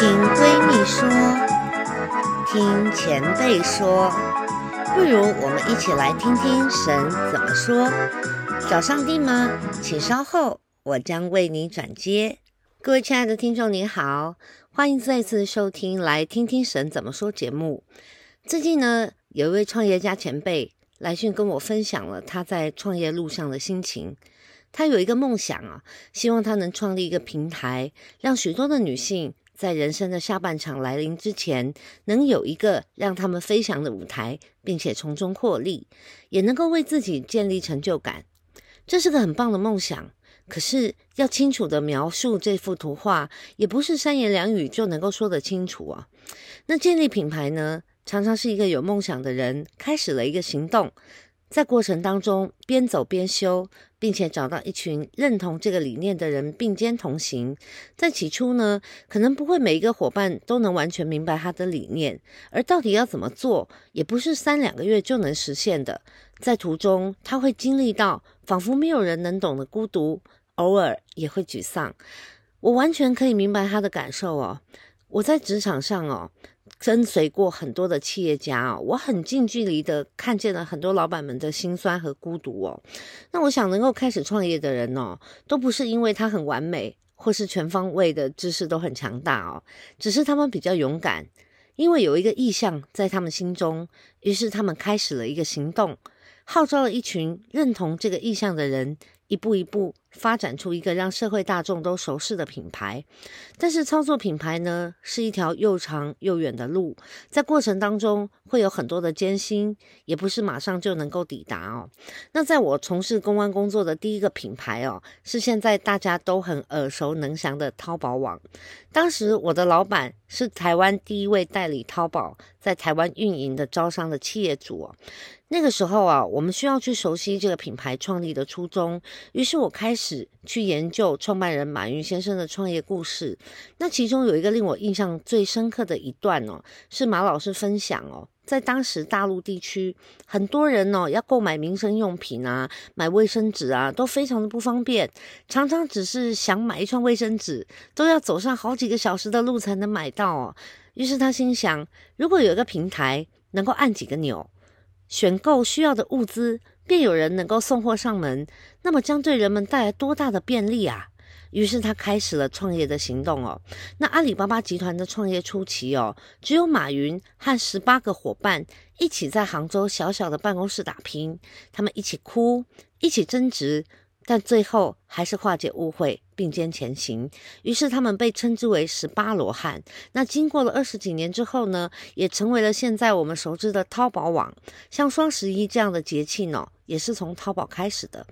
聽閨蜜說，聽前輩說，不如我們一起來聽聽神怎麼說。找上帝嗎？請稍後，我將為你轉接。各位親愛的聽眾，你好，歡迎再次收聽《來聽聽神怎麼說》節目。最近呢，有一位創業家前輩來信跟我分享了他在創業路上的心情。他有一個夢想啊，希望他能創立一個平台，讓許多的女性，在人生的下半場來臨之前，能有一個讓他們飛翔的舞台，並且從中獲利，也能夠為自己建立成就感，這是個很棒的夢想。可是，要清楚的描述這幅圖畫，也不是三言兩語就能夠說得清楚啊。那建立品牌呢，常常是一個有夢想的人開始了一個行動。在過程當中，邊走邊修，並且找到一群認同這個理念的人並肩同行。在起初呢，可能不會每一個伙伴都能完全明白他的理念，而到底要怎麼做，也不是三兩個月就能實現的。在途中，他會經歷到仿佛沒有人能懂的孤獨，偶爾也會沮喪。我完全可以明白他的感受哦。我在職場上哦。跟隨過很多的企業家哦，我很近距離的看見了很多老板們的心酸和孤獨哦。那我想能夠開始創業的人哦，都不是因為他很完美或是全方位的知識都很強大哦，只是他們比較勇敢，因為有一個意向在他們心中，於是他們開始了一個行動，號召了一群認同這個意向的人，一步一步。發展出一個讓社會大眾都熟悉的品牌，但是操作品牌呢，是一條又長又遠的路，在過程當中會有很多的艱辛，也不是馬上就能夠抵達哦。那在我從事公關工作的第一個品牌哦，是現在大家都很耳熟能詳的淘寶網。當時我的老板是台灣第一位代理淘寶在台灣運營的招商的企業主哦。那個時候啊，我們需要去熟悉這個品牌創立的初衷，於是我開始。去研究創辦人馬雲先生的創業故事，那其中有一個令我印象最深刻的一段哦，是馬老師分享哦，在當時大陸地區，很多人哦要購買民生用品啊，買衛生紙啊，都非常的不方便，常常只是想買一串衛生紙，都要走上好幾個小時的路才能買到哦。於是他心想，如果有一個平台能夠按幾個鈕，選購需要的物資。便有人能夠送貨上門，那麼將對人們帶來多大的便利啊？於是他開始了創業的行動哦。那阿里巴巴集團的創業初期哦，只有馬雲和十八個夥伴一起在杭州小小的辦公室打拼，他們一起哭，一起爭執。但最後還是化解誤會，並肩前行。於是他們被稱之為十八羅漢。那經過了二十幾年之後呢，也成為了現在我們熟知的淘寶網。像雙十一這樣的節慶呢，也是從淘寶開始的。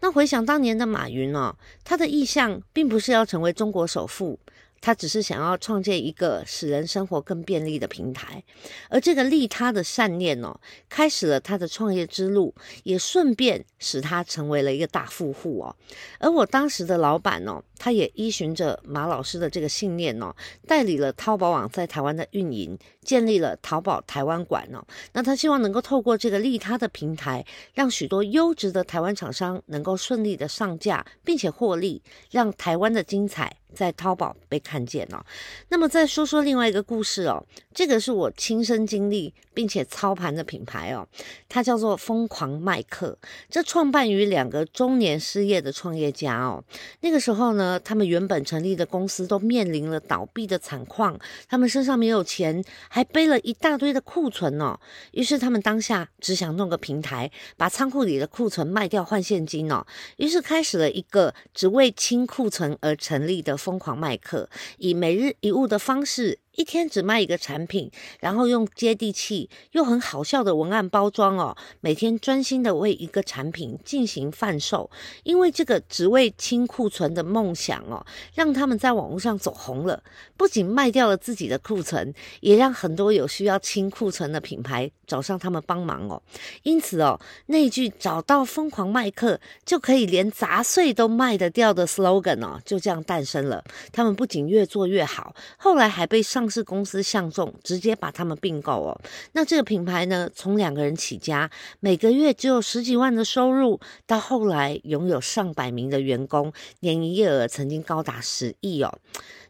那回想當年的馬雲呢、哦，他的意向並不是要成為中國首富。他只是想要創建一個使人生活更便利的平台，而這個利他的善念哦，開始了他的創業之路，也順便使他成為了一個大富戶哦。而我當時的老闆哦。他也依循着馬老師的這個信念哦，代理了淘寶網在台灣的運營，建立了淘寶台灣館哦。那他希望能夠透過這個利他的平台，讓許多優質的台灣廠商能夠順利的上架，並且獲利，讓台灣的精彩在淘寶被看見哦。那麼再說說另外一個故事哦，這個是我親身經歷。並且操盤的品牌哦，它叫做瘋狂賣客。這創辦於兩個中年失業的創業家哦。那個時候呢，他們原本成立的公司都面臨了倒閉的慘況，他們身上沒有錢，還背了一大堆的庫存哦。於是他們當下只想弄個平台，把倉庫裡的庫存賣掉換現金哦。於是開始了一個只為清庫存而成立的瘋狂賣客，以每日一物的方式。一天只賣一個產品，然後用接地氣又很好笑的文案包裝哦，每天專心的為一個產品進行販售。因為這個只為清庫存的夢想哦，讓他們在網絡上走紅了。不僅賣掉了自己的庫存，也讓很多有需要清庫存的品牌找上他們幫忙哦。因此哦，那一句找到瘋狂賣客就可以連雜碎都賣得掉的 slogan 哦，就這樣誕生了。他們不僅越做越好，後來還被上。是公司相中，直接把他們併購哦。那這個品牌呢，從兩個人起家，每個月只有十幾萬的收入，到後來擁有上百名的員工，年營業額曾經高達十億哦。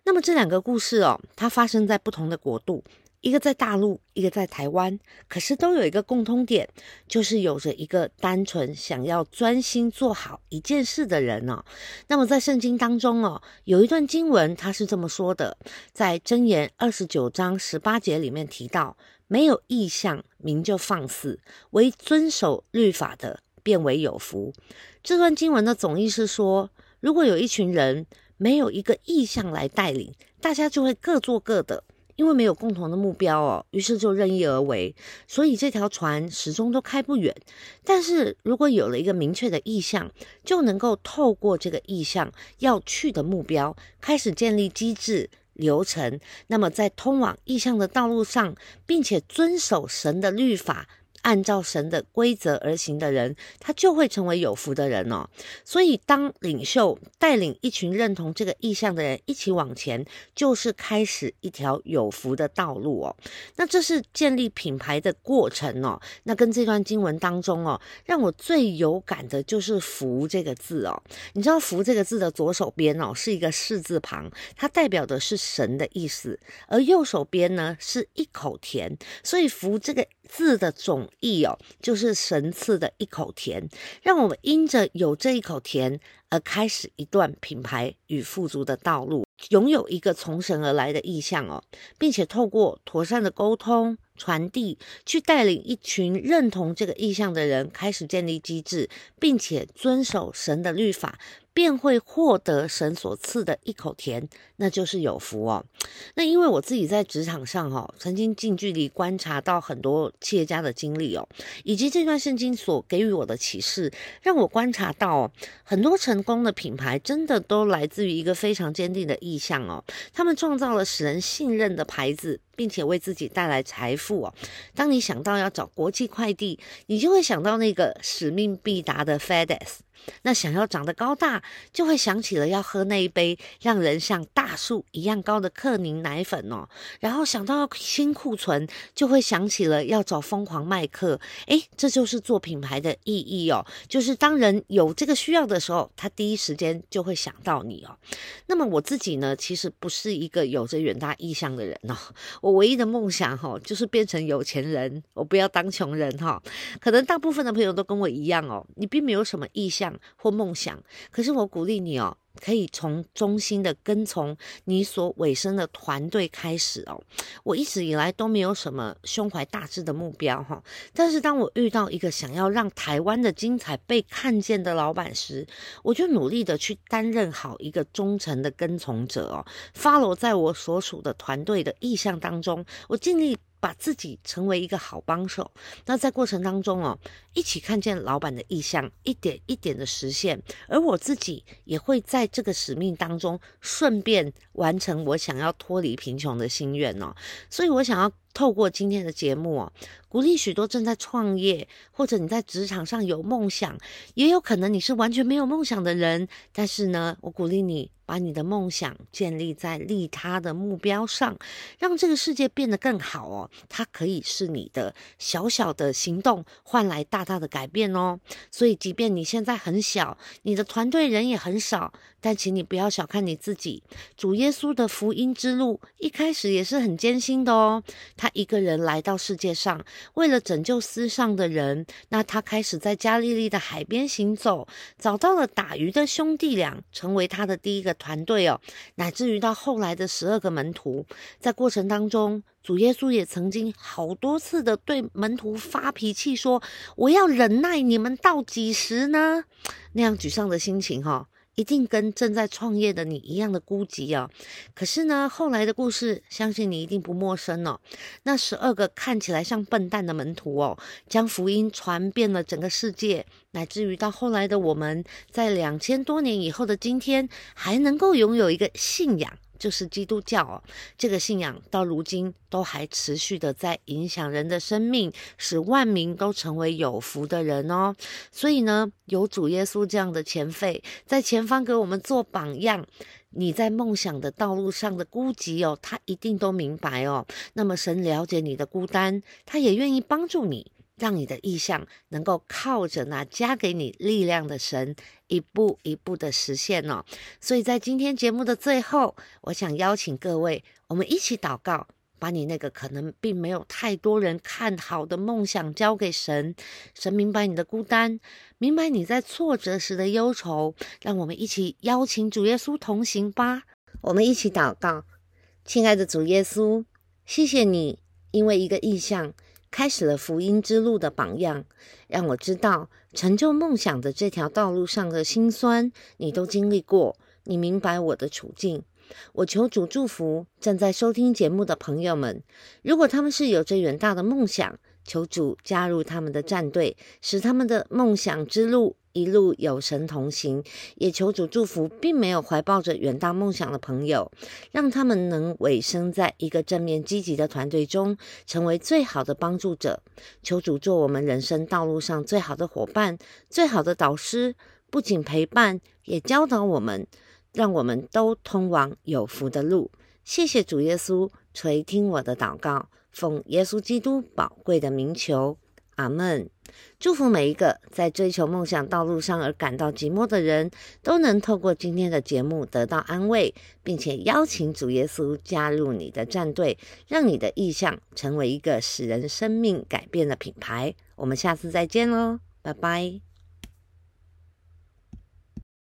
那麼這兩個故事哦，它發生在不同的國度。一個在大陸，一個在台灣，可是都有一個共通點，就是有着一個單純想要專心做好一件事的人哦，那麼在聖經當中哦，有一段經文，他是這麼說的：在箴言二十九章十八節裡面提到，沒有異象，民就放肆；唯遵守律法的，便為有福。這段經文的總意是說，如果有一群人沒有一個異象來帶領，大家就會各做各的。因為沒有共同的目標哦，於是就任意而為，所以這條船始終都開不遠。但是如果有了一個明確的意向，就能夠透過這個意向要去的目標，開始建立機制流程，那麼在通往意向的道路上，並且遵守神的律法。按照神的規則而行的人，他就會成為有福的人哦。所以，當領袖帶領一群認同這個意向的人一起往前，就是開始一條有福的道路哦。那這是建立品牌的過程哦。那跟這段經文當中哦，讓我最有感的就是“福”這個字哦。你知道“福”這個字的左手邊哦是一個“示”字旁，它代表的是神的意思；而右手邊呢是一口田。所以“福”這個。字的總意哦，就是神賜的一口甜，讓我們因着有這一口甜而開始一段品牌與富足的道路，擁有一個從神而來的異象哦，並且透過妥善的溝通。傳遞，去帶領一群認同這個意向的人，開始建立機制，並且遵守神的律法，便會獲得神所賜的一口甜，那就是有福哦。那因為我自己在職場上哦，曾經近距離觀察到很多企業家的經歷哦，以及這段聖經所給予我的啟示，讓我觀察到哦，很多成功的品牌真的都來自於一個非常堅定的意向哦，他們創造了使人信任的牌子。並且為自己帶來財富哦。當你想到要找國際快遞，你就會想到那個使命必達的 FedEx。那想要長得高大，就會想起了要喝那一杯讓人像大樹一樣高的克寧奶粉哦。然後想到新庫存，就會想起了要找瘋狂賣客。哎，這就是做品牌的意義哦。就是當人有這個需要的時候，他第一時間就會想到你哦。那麼我自己呢，其實不是一個有着遠大意向的人哦。我唯一的夢想，哈，就是變成有錢人，我不要當窮人，哈。可能大部分的朋友都跟我一樣哦，你並沒有什麼異象或夢想，可是我鼓勵你哦。可以從忠心的跟從你所委身的團隊開始哦。我一直以來都沒有什麼胸懷大志的目標哈、哦，但是當我遇到一個想要讓台灣的精彩被看見的老板時，我就努力的去擔任好一個忠誠的跟從者哦，follow 在我所屬的團隊的意向當中，我盡力。把自己成為一個好幫手，那在過程當中哦，一起看見老板的意向，一點一點的實現，而我自己也會在這個使命當中順便完成我想要脫離貧窮的心願哦，所以我想要。透過今天的節目哦，鼓勵許多正在創業或者你在職場上有夢想，也有可能你是完全沒有夢想的人。但是呢，我鼓勵你把你的夢想建立在利他的目標上，讓這個世界變得更好哦。它可以是你的小小的行動換來大大的改變哦。所以，即便你現在很小，你的團隊人也很少，但請你不要小看你自己。主耶穌的福音之路一開始也是很艱辛的哦。他。他一個人來到世界上，為了拯救世上的人，那他開始在加利利的海邊行走，找到了打魚的兄弟倆，成為他的第一個團隊哦，乃至於到後來的十二個門徒。在過程當中，主耶穌也曾經好多次的對門徒發脾氣，說：“我要忍耐你們到幾時呢？”那樣沮喪的心情，哦，哈。一定跟正在創業的你一樣的孤寂哦！可是呢，後來的故事，相信你一定不陌生哦。那十二個看起來像笨蛋的門徒哦，將福音傳遍了整個世界，乃至於到後來的我們，在兩千多年以後的今天，還能夠擁有一個信仰。就是基督教哦，這個信仰到如今都還持續的在影響人的生命，使萬民都成為有福的人哦。所以呢，有主耶穌這樣的前輩在前方給我們做榜樣，你在夢想的道路上的孤寂哦，他一定都明白哦。那麼神了解你的孤單，他也願意幫助你。讓你的異象能夠靠着那加給你力量的神，一步一步的實現哦。所以在今天節目的最後，我想邀請各位，我們一起禱告，把你那個可能並沒有太多人看好的夢想交給神。神明白你的孤單，明白你在挫折時的憂愁。讓我們一起邀請主耶穌同行吧。我們一起禱告，親愛的主耶穌，謝謝你，因為一個異象，開始了福音之路的榜樣，讓我知道成就夢想的這條道路上的辛酸，你都經歷過，你明白我的處境。我求主祝福正在收聽節目的朋友們，如果他們是有着遠大的夢想，求主加入他們的戰隊，使他們的夢想之路一路有神同行，也求主祝福，並沒有懷抱着遠大夢想的朋友，讓他們能委身在一個正面積極的團隊中，成為最好的幫助者。求主做我們人生道路上最好的伙伴、最好的導師，不僅陪伴，也教導我們，讓我們都通往有福的路。謝謝主耶穌，垂聽我的禱告，奉耶穌基督寶貴的名求。阿門，祝福每一個在追求夢想道路上而感到寂寞的人，都能透過今天的節目得到安慰，並且邀請主耶穌加入你的戰隊，讓你的異象成為一個使人生命改變的品牌。我們下次再見嘍，拜拜。